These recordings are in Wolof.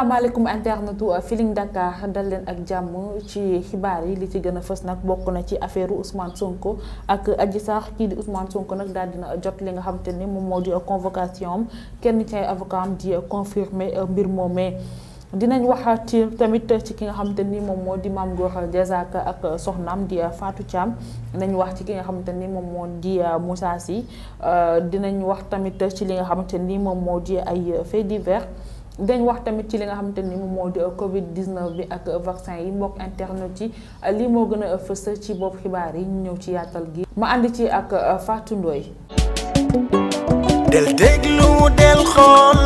salaamaaleykum internetu Feeling Dakar dal leen ak jàmm ci xibaar yi li ci gën a fës nag bokk na ci affaire Ousmane Sonko ak aji Sarr kii di Ousmane Sonko nag daal dina jot li nga xam te ni moom moo di convocation kenn ci ay avocat am di confirmer mbir moomee dinañ waxaat tamit ci ki nga xamante ni moom moo di Mame Gor Diazaka ak soxnaam di Fatou Thiam dinañ wax ci ki nga xamante ni moom moo di Moussa Sy euh, dinañ wax tamit ci li nga xamante nii moom moo di ay faits divers dañ wax tamit ci li nga xamante ni moom moo di euh, Covid 19 bi ak euh, vaccin yi mbokk internet yi euh, lii moo gën a fës ci bopp xibaar yi ñëw ci yaatal gi ma ànd ci ak Fatou Ndoye del déglu del xool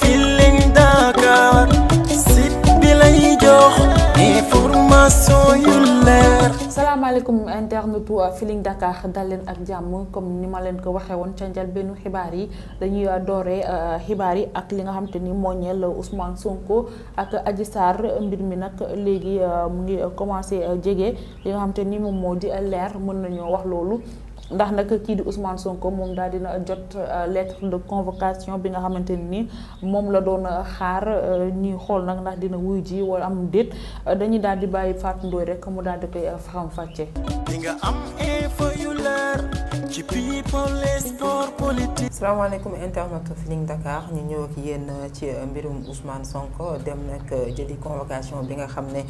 Feeling Dakar site bi lay jox information yu leer salaamaaleykum internetu Feeling Dakar dal leen ak jàmm comme ni ma leen ko waxee woon ca njëlbéenu xibaar yi dañuy doore euh, xibaar yi ak li nga xam ni moo ñeel Ousmane Sonko ak Adji Sarr mbir mi nag léegi euh, mu ngi commencé euh, jege li nga xam te ni moom moo di leer mën nañoo wax loolu. ndax nag kii di Ousmane Sonko moom daal dina jot euh, lettre de convocation bi nga xamante ni moom la doon euh, xaar euh, ñuy xool nag ndax dina wuy ji wala am déet dañuy daal di bàyyi Fatou Ndoye rekk mu daal di koy faram-fàccee. di nga am info yu leer ci people et sport politique. salaamaaleykum internet Feeling Dakar ñu ñëw ak euh, ci euh, mbirum Ousmane Sonko dem nag euh, jëli convocation bi nga xam ne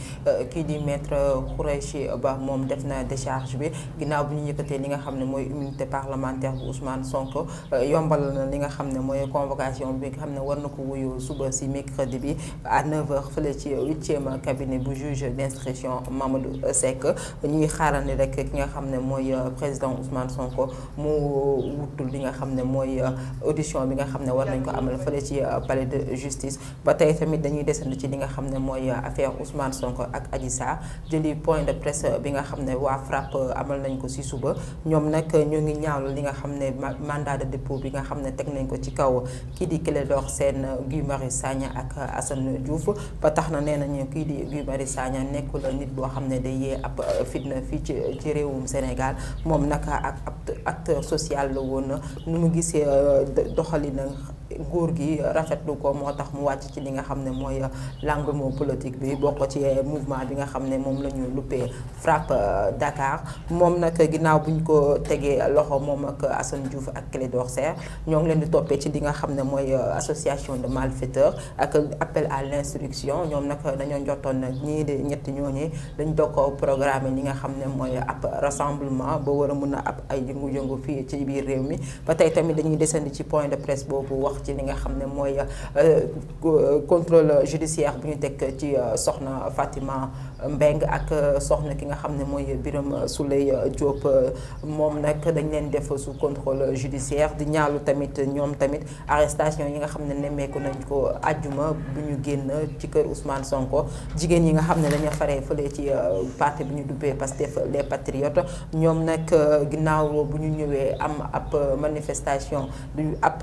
kii di maître Khoureychi Ba moom def na décharge bi ginnaaw bi ñu yëkkatee li nga xam ne mooy immunité parlementaire bu Ousmane Sonko yombal na li nga xam ne mooy convocation bi nga xam ne war na ko wuyu suba si mercredi bi à 9 fële ci huitième cabinet bu juge d'instruction Mamadou Seck ñuy xaarandi rek ki nga xam ne mooy euh, président Ousmane Sonko mu wutul li xam ne mooy euh, audition bi nga xam ne war nañ ko amal fële ci euh, palais de justice ba tey tamit dañuy desandi ci li nga xam ne mooy affaire Ousmane Sonko ak Adji Sarr de presse bi nga xam ne waa FRAPP amal nañ ko si suba ñoom nag ñu ngi ñaawlu li nga xam ne mandat de dépôt bi nga xam ne teg nañ ko ci kaw kii di Clédor Sène Guy Marius Sagna ak Assane Diouf ba tax na nee nañu kii di Guy Marius Sagna nit boo xam ne day yee ab fitna fii ci ci réewum Sénégal moom naka ak acteur social la woon nu mu gisee euh, doxalina nguur gi rafetlu ko moo tax mu wàcc ci li nga xam ne mooy langue politique bi bokk ci mouvement bi nga xam ne moom la ñu luppee frappe Dakar moom nag ginnaaw bu ko tegee loxo moom ak Assane Diouf ak Clédor Sèr ñoo ngi leen di toppee ci li nga xam ne mooy association de malfaiteurs ak appel à l'instruction ñoom nag dañoo njottoon ñii de ñetti ñooñi dañ doog ko programme ñi nga xam ne mooy ab rassemblement ba war a mun a ab ay yëngu-yëngu fii ci biir réew mi ba tey tamit dañuy desandi ci point de presse boobu wax ci li nga xam ne mooy euh, euh, contrôle judiciaire bu ñu teg ci euh, soxna Fatima Mbeng ak euh, soxna ki nga xam ne mooy Birame Souley euh, Diop euh, moom nag dañ leen def su contrôle judiciaire di ñaalu tamit ñoom tamit arrestation yi nga xam ne nemmeeku nañ ko àjjuma bu ñu génn ci kër Ousmane Sonko jigéen yi nga xam ne dañoo faree fële ci parti bi ñu dubbee Pastef les Patriotes ñoom nag ginnaaw bu ñu ñëwee am ab manifestation du ab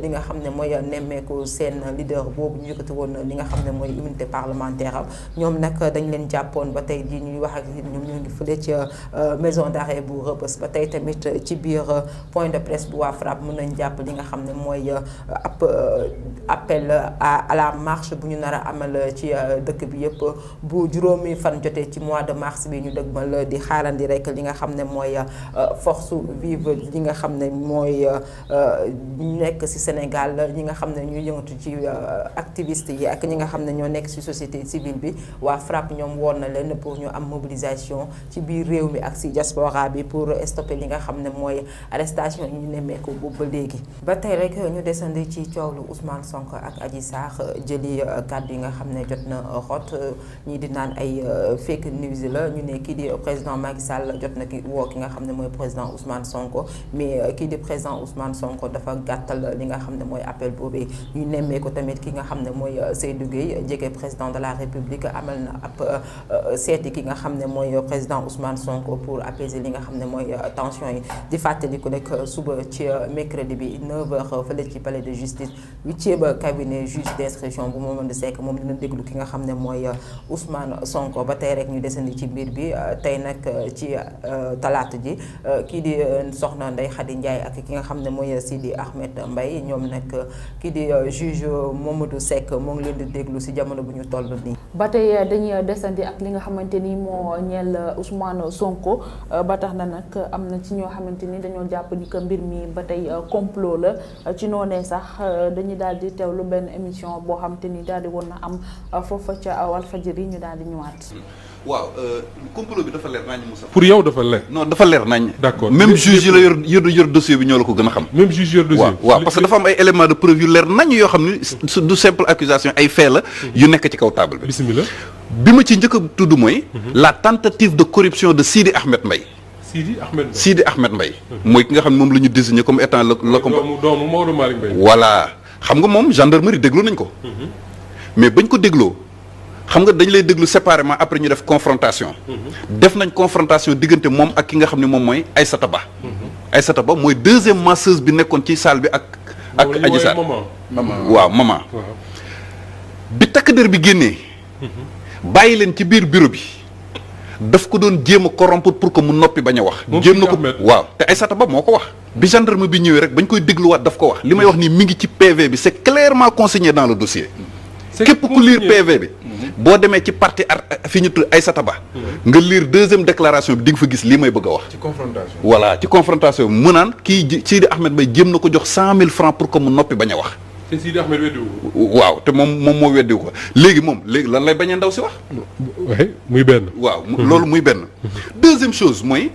li nga xam ne mooy nemmeeku seen leader boobu ñu yëkkati woon li nga xam ne mooy immunité parlementaire am ñoom nag dañ jàppoon ba tey jii ñuy wax ak ñoom ñoo ngi fële ca euh, maison d'arrêt bu Rebeuss ba tey tamit ci biir euh, point de presse bu waa FRAPP mën nañ jàpp li nga xam ne mooy euh, ab appel à la marche bu ñu nar a amal ci dëkk bi yëpp bu juróomi fan jotee ci mois de mars bi ñu dëgmal di di rek li nga xam ne mooy force vive li nga xam ne mooy nekk ci Sénégal ñi nga xam ne ñuy yëngatu ci activiste yi ak ñi nga xam ne ñoo nekk ci société civile bi waa FRAPP ñoom moom woon na leen pour ñu am mobilisation ci biir réew mi ak si diaspora bi pour stopper li nga xam ne mooy arrestation yi ñu nemmeeku boobu ba léegi. ba tey rek ñu desandi ci coow lu Ousmane Sonko ak Adji Sarr jëli kàddu yi nga xam ne jot na xot ñii di naan ay euh, fake news la ñu ne kii di président Macky Sall jot na ki woo ki nga xam ne mooy président Ousmane Sonko mais euh, kii di président Ousmane Sonko dafa gàttal li nga xam ne mooy appel boobee ñu nemmee ko tamit ki nga xam ne mooy euh, Seydou Gueye Euh, seeti ki nga xam ne mooy président Ousmane Sonko pour apaiser li nga xam ne mooy euh, tension yi di fàttaliku rek euh, suba ci mercredi bi 9h ci palais de justice huitième cabinet juge d'instruction bu Mamadou Seck moom dina déglu ki nga xam ne mooy Ousmane Sonko ba tey rek ñu desandi ci mbir bi tey nag ci talaata ji kii di soxna Ndeye Khady Ndiaye ak ki nga xam ne mooy Sidi Ahmed Mbaye ñoom nag kii di juge Mamadou Seck moo ngi leen di déglu si jamono bu ñu toll nii. ba tey eh, dañuy eh, desandi ak li nga xamante ni moo ñeel eh, Ousmane Sonko ba tax na nag am na ci ñoo xamante ni dañoo jàpp ni que mbir mii ba tey complot la ci noonee sax dañuy daal di teewlu benn émission boo xamante ni daal di woon na am foofa ca Walfadjri ñu daal di ñëwaat. Mm. waaw euh, complot bi dafa leer nañ Moussa. pour yow dafa leer. nañ. d' accord même juge yi la yor yor yor bi ñoo la ko gën a xam. waaw parce que dafa am ay éléments de preuve yu leer nañ yoo xam ni du simple accusation ay fait mhm. yu nekk ci kaw table bi. bi ma ci njëkk a tudd mooy. Mhm. la tentative de corruption de Sidi Ahmed Mbaye. Sidi Ahmed Mbaye Sidi Ahmed mhm. mooy ki nga xam ne moom la ñu désigné comme étant la la. doomu doomu Maodo Malick xam nga moom gendarmerie déglu nañ ko. mais bañ ko dégloo. xam nga dañ lay déglu séparément après ñu def confrontation. Mhm. def nañ confrontation diggante moom ak ki nga xam ne moom mooy Aïssata Ba. Mhm. Aïssata Ba mooy deuxième masseuse bi nekkoon ci salle bi ak. ak Adji Sarr waaw maman. Mhm. bi takk der bi génnee. bàyyi leen ci biir bureau bi. daf ko doon jéem a corrompre pour que mu noppi bañ a wax. jéem na ko waaw te Aïssata Ba moo ko wax. bi gendarme bi ñëwee rek bañ koy dégluwaat daf ko wax. li may wax nii mi ngi ci PV bi c'est clairement consigné dans le dossier. képp ku liir PV bi. boo demee ci parti ar fi ñu ay sata Ba mhm. nga liir deuxième déclaration bi di nga fa gis lii may bëgg a wax ci confrontation voilà ci confrontation bi mu naan kii Sidi Ahmed Bay jéem na ko jox cent mille francs pour que mu noppi bañ a wax te Sidi Ahmed weddiwu ko waaw te moom moom moo weddiwu ko léegi moom léegi lan lay bañ a ndaw si wax waaye muy benn waaw mhm. loolu muy benn deuxième chose mooy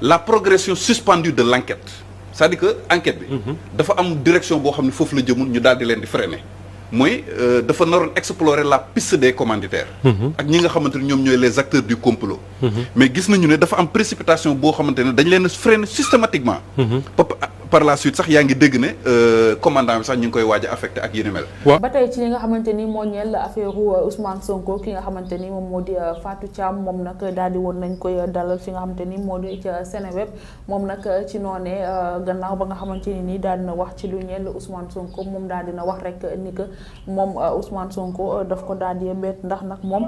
la progression suspendue de l'enquête c'est-à-dire que enquête bi mhm. dafa am direction boo xam ne foofu la jëmul ñu daal di leen di freiner mooy euh, dafa naroon explorer la piste des commanditaires. Mhm. ak ñi nga xamante ni ñoom ñooy les acteurs du complot. Mhm. mais gis nañu ne dafa am précipitation boo xamante ne dañ leen a freiner systématiquement. Mhm. par la suite sax yaa ngi dégg ne euh, commandant bi sax ñu ngi koy waaj a affecté ak yéen mel. ba tey ci nga xamante ni moo ñeel affaire euh, Ousmane Sonko ki nga xamante ni moom moo di Fatou Thiam moom nag daal di woon nañ koy dalal fi nga xamante moo di ca Seneweb moom nag ci moom euh, Ousmane Sonko euh, daf ko daal di yëbbeet ndax nag moom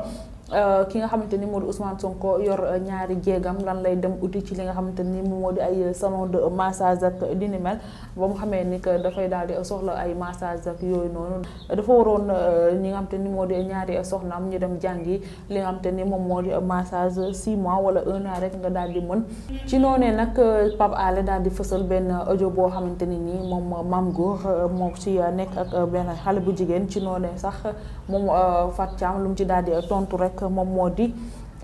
Euh, ki nga xamante ni moo di Ousmane Sonko yor euh, ñaari jéegam lan lay dem uti ci li nga xamante ni moom moo di ay euh, salon de massage ak li ni mu xamee ni que dafay daal di soxla ay massage ak yooyu noonu dafa waroon ñi nga xamante ni moo di ñaari soxnaam ñu dem jàngi li nga xamante ni moom moo di massage six mois wala un rek nga daal di mën ci noonee nag Pape Alé daal di fësal benn audio boo xamante ni nii moom Mame Goor moo ci nekk ak benn xale bu jigéen ci noonee sax moom Fatou Thiam lu mu ci daal di tontu rek. nag moom moo di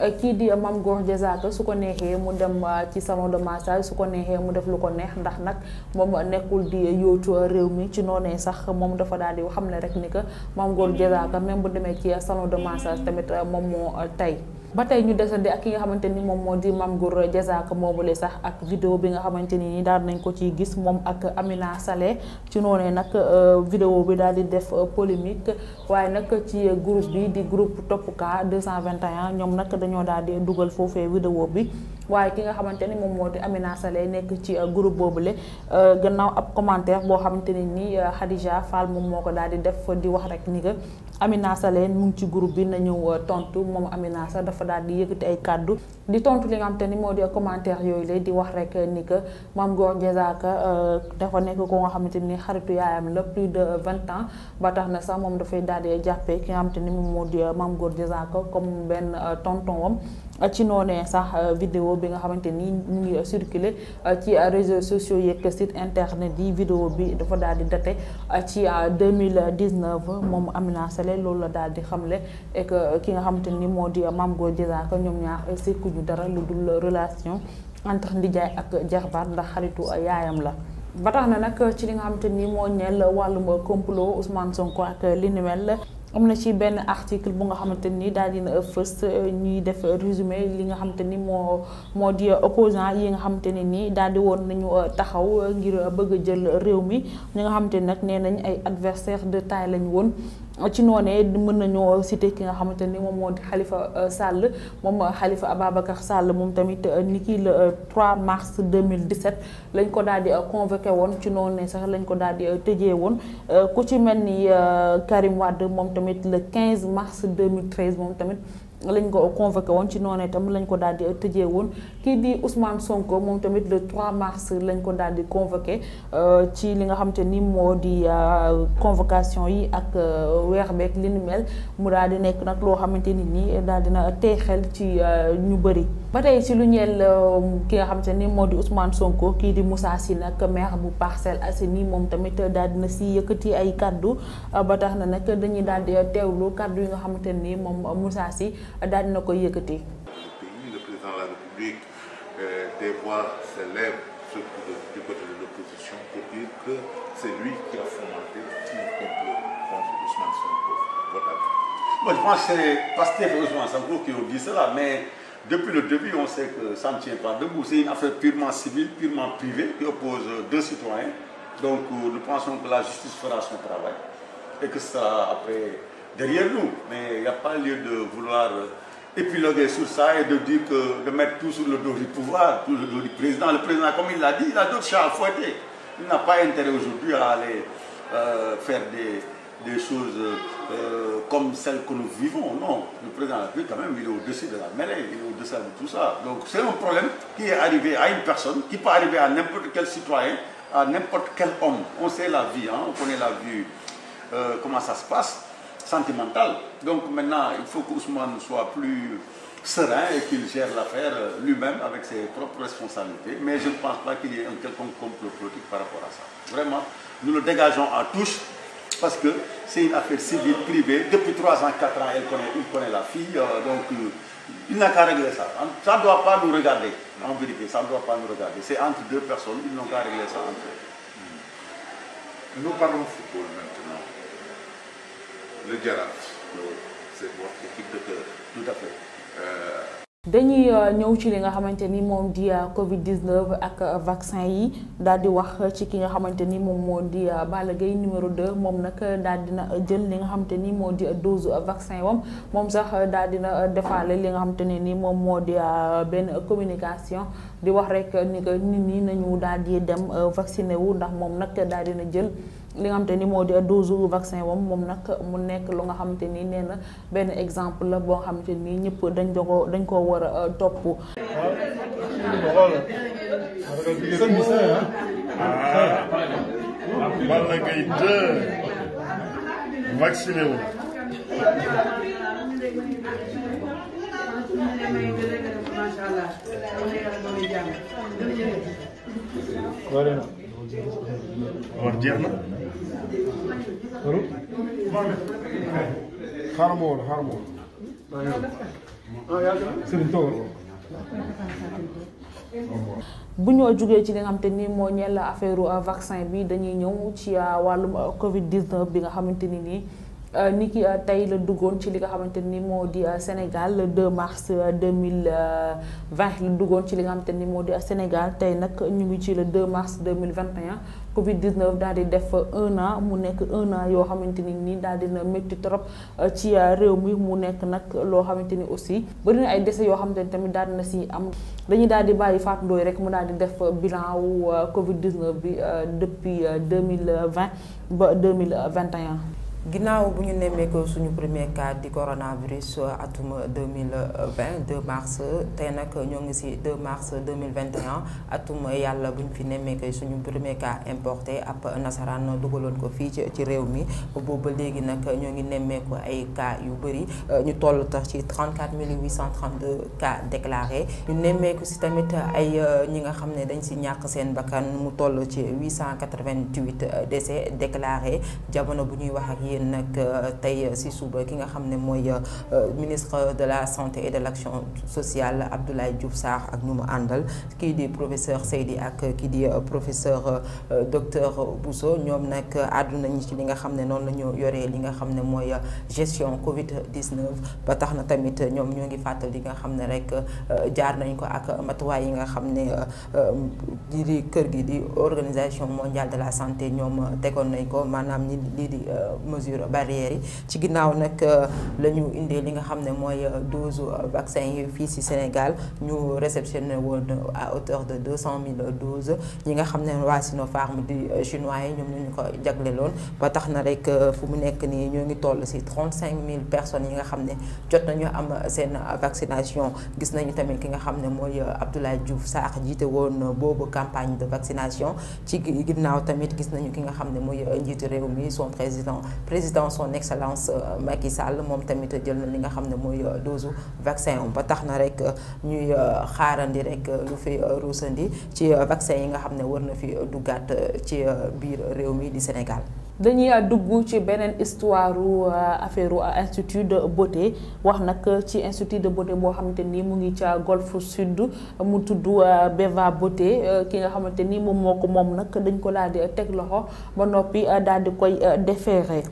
euh, kii di Mame Gor Diazaka su ko neexee mu dem euh, ci salon de massage su ko neexee mu def lu ko neex ndax nag moom nekkul di yóotu réew mi ci noonee sax moom dafa daal di xam ne rek ni que Mame Gor Diazaka même bu demee ci salon de massage tamit euh, moom moo tey ba tey ñu desandi ak ki nga xamante ni moom moo di Mame Goor Diazaka moomule sax ak vidéo bi nga xamante ni daal nañ ko ci gis moom ak Amina Saleh ci noonee nag euh, video bi daal di def euh, polémique waaye nag ci groupe bi di groupe Topou Cas 221 ñoom nag dañoo daal di dugal foofee vidéo bi waaye ki nga xamante ni moom moo di Amina Saleh nekk ci group euh, groupe boobule euh, gannaaw ab commentaire boo xamante ne ni euh, Khadija Fall moom moo ko daal di def di wax rek ni que Amina Saleh mu ngi ci groupe bi na ñëw tontu moom Amina Saleh dafa daal di yëkkati ay kàddu di tontu li ni moo di commentaire yooyu la di wax rek ni que Mame Gor Diazaka dafa nekk ko nga xamante ni xaritu yaayam la plus de vingt ans ba tax na sax moom dafay daal di jàppee ki nga xamante ni moom moo di Mame Gor Diazaka comme benn tonton wam Euh, ci noonee sax euh, vidéo bi nga xamante ni ñu ngi circulé euh, ci réseaux sociaux yeeg site internet yi vidéo bi dafa dal di daté ci mille 2019 moom Amina Sele loolu la daal di xamle et que ki nga xamante ni moo di Mame Goor Diazaka ñoom ñaar sekkuñu dara lu dul relation entre ndijaay ak jaxbaar ndax xaritu yaayam la ba tax na nag ci li nga xam xamante ni moo ñeel wàllum complot Ousmane Sonko ak li ni mel am na ci benn article bu nga xamante ni daal dina fës euh, ñuy def résumé li nga xamante ni moo moo di opposant yi nga xamante ne nii daal di woon nañu euh, taxaw ngir bëgg a jël réew mi ñi nga xamante ni nag nee nañ ay adversaire de taille lañu woon ci noonee mën nañoo citer ki nga xamante ni moom moo di Khalifa euh, Sall moom xalifa euh, Ababacar Sall moom tamit euh, ni kii le 3 mars 2017 lañ ko daal di convoqué woon ci noonee sax lañ ko daal di tëjee woon ku ci mel ni Karim Wade moom tamit le 15 mars 2013 moom tamit. lañ ko convoqué woon ci noonu itam lañ ko daal di tëjee woon kii di Ousmane Sonko moom tamit le 3 mars lañ ko daal di convoqué euh, ci li nga xam te ni moo di euh, convocation yi ak euh, weer beeg li ni mel mu daal di nekk nag loo xamante nit nii daal dina tey xel ci ñu bëri. ba tey ci lu ki nga xam te ni moo di Ousmane Sonko kii di Moussa Sy nag maire bu Parcelles nii moom tamit daal dina si yëkkati ay kàddu ba tax na nag dañuy daal di teewlu kàddu yi nga xamante ni moom Moussa Sy. daal dina koy yëkkati. le président de la République euh, des voix s'élève surtout du côté de l'opposition pour dire que c'est lui qui a fomenté un complot contre Ousmane Sonko. Votre avis? Moi, je pense que c'est Pastef et Ousmane Sonko qui ont dit cela, mais depuis le début, on sait que ça ne tient pas debout. C'est une affaire purement civile, purement privée, qui oppose deux citoyens. Donc, nous pensons que la justice fera son travail et que ça, après. derrière nous. Mais il n'y a pas lieu de vouloir euh, épiloguer sur ça et de dire que de mettre tout sur le dos du pouvoir, tout du président. Le président, comme il l'a dit, il a d'autres chats à fouetter. Il n'a pas intérêt aujourd'hui à aller euh, faire des, des choses euh, comme celles que nous vivons. Non, le président de la République, quand même, il est au-dessus de la mêlée, il est au problème qui est arrivé à une personne, qui peut arriver à n'importe quel citoyen, à n'importe la vie, la vie, euh, sentimentale. Donc maintenant, il faut que Ousmane soit plus serein et qu'il gère l'affaire lui-même avec ses propres responsabilités. Mais je ne pense pas qu'il y ait un quelconque complot politique par rapport à ça. Vraiment, nous le dégageons à tous parce que c'est une affaire civile, privée. Depuis 3 ans, 4 ans, elle connaît, il connaît la fille. Euh, euh, il n'a qu'à régler ça. Ça nous regarder, en vérité. Ça ne doit pas nous C'est entre deux personnes, ils n'ont qu'à régler ça entre eux. Nous Euh. dañuy euh, ñëw ci li nga xamante ni moom di euh, Covid 19 ak vaccin yi daal di wax ci ki nga xamante ni moom moo di Balla Gaye numéro 2 moom nag daal dina jël li nga xamante ni moo di dose vaccin wam moom sax daal na defale li nga xamante ne ni moom moo di benn communication di wax rek ni nañu daal di dem vacciné wu ndax moom nag daal dina jël. li nga xamante ni moo di douze jours vaccin wam moom nag mu nekk lu nga xamante ni nee na benn exemple la boo xamante ni ñëpp dañ ko dañ koo war a euh, topp. wax jeex bu ñoo jugee ci li nga xam te ni moo ñeel affaire vaccin bi dañuy ñëw ci ah, wàllum ah, Covid 19 bi nga xamante ni nii. Euh, nit ki euh, tey la duggoon ci li nga xamante ni moo di euh, Sénégal le 2 mars 2020 la duggoon ci li nga xamante ni moo di Sénégal tey nag ñu ngi ci le 2 mars 2021 Covid 19 daal di def un an mu nekk un an yoo xamante ni nii daal na métti trop ci réew mi mu nekk nag loo xamante ni aussi bari ay décès yoo xamante ni tamit daal na si am dañuy daal di bàyyi Fatou Ndoye rek mu daal di def bilan wu Covid 19 bi depuis 2020 ba 2021 ginnaaw bu ñu nemmeekoo suñu premier cas di coronavirus atum 2020 2 mars tey nag ñoo ngi si 2 mars 2021 atum yàlla bu ñu fi nemmeekoo suñu premier cas importé ab nasaraan dugaloon ko fii ci réew mi boobu ba léegi nag ñoo ngi nemmeeku ay cas yu bëri ñu toll tax ci 34 832 cas déclarés ñu nemmeeku si tamit ay ñi nga xam ne dañ si ñàkk seen bakkan mu toll ci 888 décès déclarés jamono bu ñuy wax ak yéen nag euh, tey euh, si suba ki nga xam ne mooy euh, ministre de la santé et de l' action sociale Abdoulaye Diouf Sarr ak ñu mu àndal kii di professeur Seydi ak kii di professeur docteur Bousso ñoom nag àdduna ñi ci li nga xam ne noonu la ñu yoree li nga xam ne mooy gestion Covid 19 ba tax na tamit ñoom ñoo ngi fàttali li nga xam ne rek jaar nañ ko ak matuwaay yi nga xam ne lii di kër gi di organisation mondiale de la santé ñoom tegoon nañ ko maanaam lii di mesure mesures barrières yi ci ginnaaw nag euh, la ñu indee li nga xam ne mooy euh, dose euh, vaccin yi fii ci Sénégal ñu réceptionné woon à hauteur de 200 000 doses yi nga xam ne waa Sinopharm di chinois yi ñoom ñu ko lool ba tax na rek fu mu nekk nii ñoo ngi toll ci 35 000 personnes yi nga xam ne jot nañu am seen vaccination gis nañu tamit ki nga xam ne mooy Abdoulaye Diouf Sarr jiite woon boobu campagne de vaccination ci ginnaaw tamit gis nañu ki nga xam ne mooy njiitu réew mi son président président son excellence euh, Macky Sall moom tamit jël na li nga xam ne mooy euh, dose vaccin ba tax na rek euh, ñuy xaarandi rek lu fi ruusandi ci vaccin yi nga xam ne war na fi duggaat ci biir réew mi di Sénégal. dañuy dugg ci beneen histoire affaire institut de beauté wax nag ci institut de beauté boo xamante ni mu ngi ca golfe sud mu tudd Beva Beauté ki nga xamante ni moom moo ko moom nag dañ ko daal di teg loxo ba noppi daal di koy déférer.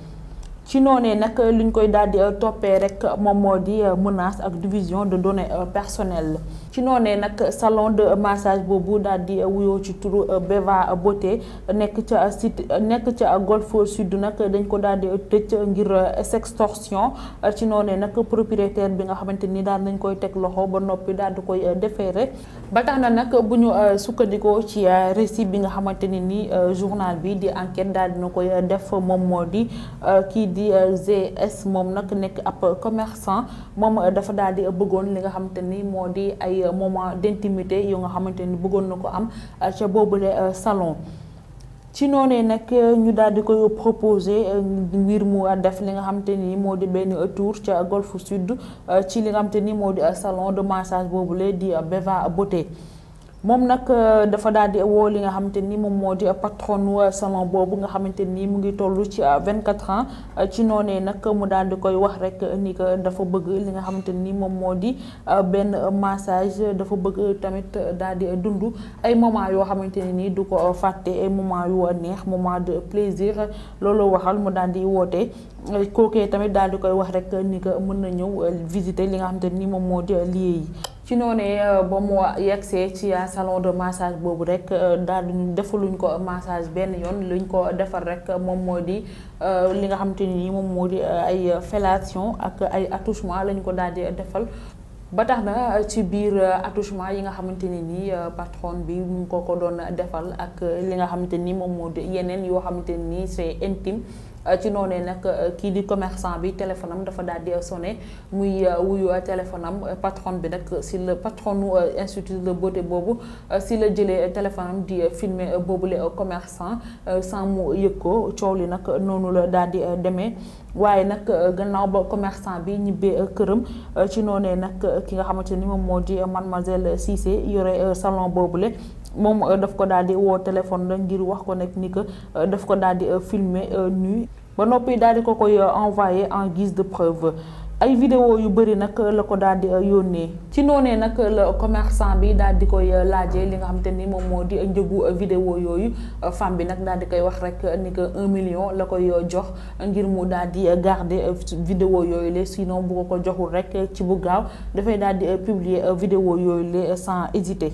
ci noonee nag li ñu koy daal di euh, toppee rek moom moo di euh, menace ak division de données euh, personnelles ci noonee nag salon de massage boobu daal di wuyoo ci turu Beva Beauté nekk ca site nekk ca Golf Sud nag dañ ko daal di tëj ngir sextorsion ci noonee nag propriétaire bi nga xamante ni daal nañ koy teg loxo ba noppi daal di koy déféré ba tax na nag bu ñu sukkandikoo ci récit bi nga xamante ne ni journal bi di enquête daal dina koy def moom moo di kii di GS moom nag nekk ab commercant moom dafa daal di bëggoon li nga xamante ni moo di ay moment d'intimité yu nga xamante ni bëggoon na ko am euh, ca boobule euh, salon ci noonee nag euh, ñu daal di koy proposé ngir mu def li nga xamante ni moo di benn tour ca Golf Sud ci li nga xamante ni moo di salon de massage boobule di Beva Beauté. moom nag euh, dafa daal di woo li nga xamante ni moom moo di patron euh, salon boobu nga xamante ni mu ngi toll ci euh, vingt quatre ans ci noonee nag mu daal di koy wax rek ni que dafa bëgg li nga xamante ni moom moo di benn massage dafa bëgg tamit daal di dundu ay moment yoo xamante ne ni du ko fàtte ay moment yu neex moment de plaisir loolu waxal mu daal di woote kookee tamit daal di koy wax rek ni que mën na ñëw euh, visiter li nga xamante ni moom moo di euh, lieu yi ci noonee euh, ba mu yegsee ci salon de boobu rek daal di defaluñ ko massage benn yoon luñ ko defar rek moom moo di li nga xamante ni moom moo di ay fellation ak ay attouchement lañu ko daal defal ba tax na ci biir attouchement yi nga xamante ne ni patron bi mu ko ko doon defal ak li nga xamante ni moom moo di yeneen yoo xamante nii c'est intime Euh, ci noonee nag euh, kii di commerçant bi téléphone am dafa daal di sone muy euh, wuyu téléphone am patron bi nag si la patronu institut de beauté boobu si la jëlee téléphone am di filmer boobule commerçant sans mu yëg ko coow li nag noonu la daal di demee waaye nag gannaaw ba commerçant bi ñibbee këram ci noonee nag ki nga xamante ni moom moo di mademoiselle Cissé yore salon boobule. moom euh, daf ko daal di woo téléphone la ngir wax ko nag ni que euh, daf ko daal di euh, filmer nu ba noppi daal di ko koy envoyé en gis de preuve ay vidéo yu bëri nag la ko daal di yónnee ci noonee nag la commerçant bi daal di koy laajee li nga xam ni moom moo di njëgu vidéo yooyu femme bi nag daal di koy wax rek ni que million la koy jox ngir mu daal di garder vidéo yooyu le sinon bu ko ko joxul rek ci bu gaaw dafay daal di publier vidéo yooyu le sans hésiter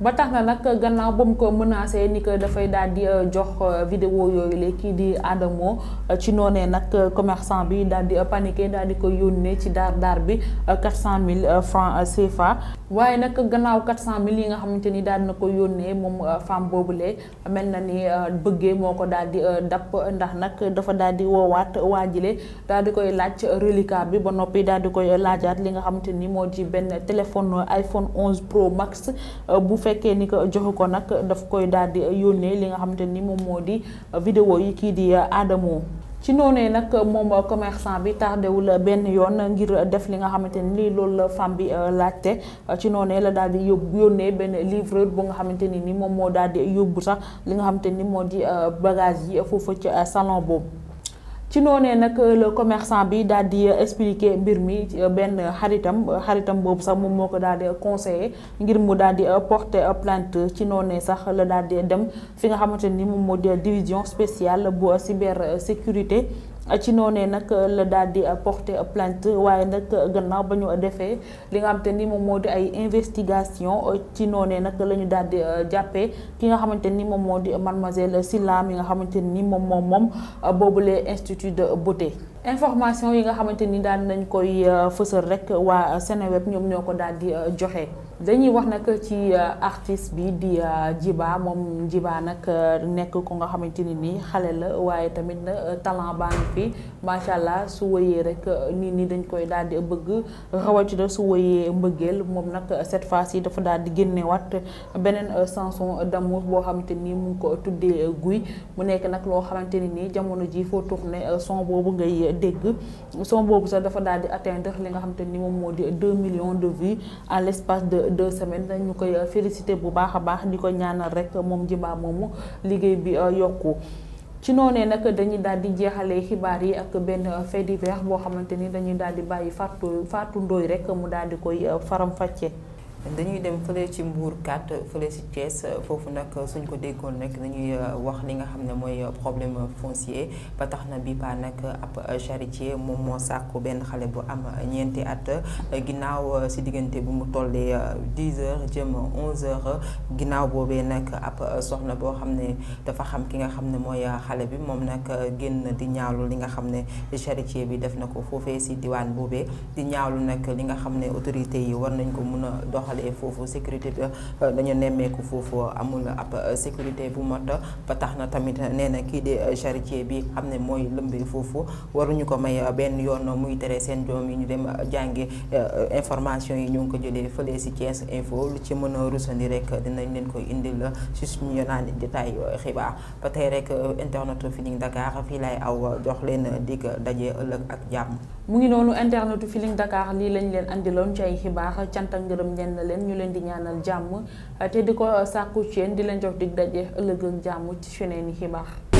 ba tax na nag gannaaw ba mu ko menacé ni que dafay daal di euh, jox euh, vidéo yooyu la kii di Adamo euh, ci noonee nag commerçant bi daal di paniqué daal di ko yónnee ci daar daar bi 400000 francs CFA. waaye nag gannaaw 400000 yi nga xamante ni daal ko yónnee moom femme boobule mel na ni bëggee moo ko daal di dàpp ndax nag dafa daal di woowaat waajile daal di koy laaj reliquat bi ba noppi daal di koy laajaat li nga xamante ni moo di benn téléphone iPhone 11 Pro Max bu fekkee. fekkee ni ko joxu ko nag daf koy dal di yónnee li nga xamante ni moom moo di vidéo yi kii di Adamo ci noonee nag moom commerçant bi tardewul benn yoon ngir def li nga xamante ni lii loolu la femme bi euh, laajte ci noonee la daal di yóbbu yónnee benn livreur bu nga xamante ni ni moom moo daal di yóbbu sax li nga xamante ni moo di euh, bagage yi foofu ci euh, salon boobu ci noonee nag euh, le commerçant bi daal di euh, expliquer mbir mi euh, benn xaritam xaritam boobu sax moom moo ko daal di conseiller ngir mu daal di porter plainte ci noonee sax la daal di dem fi nga xamante ni moom moo di division spéciale bu sécurité ci noonee nag euh, la daal di euh, porter plainte waaye nag euh, gannaaw ba ñu defee li nga xamante ni moom moo di ay investigation ci noonee nag la ñu daal di jàppee ki nga xamante ni moom moo di mademoiselle Silla mi nga xamante ni moom moom moom boobulee institut de beauté information yi nga xamante ni daal nañ koy fësal rek waa Seneweb ñoom ñoo ko daal di joxe. dañuy wax nag ci euh, artiste bi di euh, jibaa moom jibaa nag euh, nekk ko nga xamante ne nii xale la waaye tamit talent baa ngi fi macha allah su wëyee rek nit nii dañ koy daal di bëgg rawatina su wëyee mbëggeel moom nag set fois yi dafa daal di génnewaat beneen chanson d'amour boo xamante ni mu ngi ko tuddee guy mu nekk nag loo xamante ne nii jamono ji foo tourné son boobu ngay dégg son boobu sax dafa daal di atteindre li nga xamante ni moom moo di deux millions de vues deux semaines ñu koy euh, félicité bu baax a baax di ko ñaanal rek moom Djiba moomu liggéey bi euh, yokku ci noonee nag dañuy daal di jeexalee xibaar yi ak benn fait divers boo xamante ni dañuy daal di bàyyi Fatou Fatou Ndoye rek mu daal di koy euh, faram-fàccee. dañuy dem fële ci Mbour 4 fële ci Thiès foofu nag suñ ko déggoon nag dañuy euh, wax li nga xam ne mooy problème foncier ba tax na bi pa nag ab charretier moom moo sàkku benn xale bu am ñeenti at ginnaaw euh, si diggante bu mu tollee 10 euh, heures jëm 11 heures ginnaaw boobee nag ab soxna boo xam ne dafa xam ki nga xam ne mooy xale bi moom nag génn di ñaalu li nga xam ne charretier bi def na ko foofee si diwaan boobee di ñaawlu nag li nga xam ne autorité yi war nañ ko mun a dox doxalee foofu sécurité bi euh, dañu nemmeeku foofu euh, amul ab euh, sécurité bu mot ba tax na tamit nee na kii de charité bi xam ne mooy lëmbee foofu waruñu ko may benn yoon muy tere seen doom yi ñu dem jàngi information yi ñu ngi ko jëlee fële si Thiès info lu ci mën a rusandi rek dinañ leen koy indi indil si suñu yonaan détail xibaar ba tey rek internet Feeling dakaar fii laay aw jox leen dig dajee ëllëg ak jàmm mu ngi noonu internetu Feeling Dakar lii lañ leen indiloon ci ay xibaar cant ak ngërëm ñenn leen ñu leen di ñaanal jàmm te di ko sàkku ci di leen jox dig daje ëllëg ak jàmm ci suñu xibaar.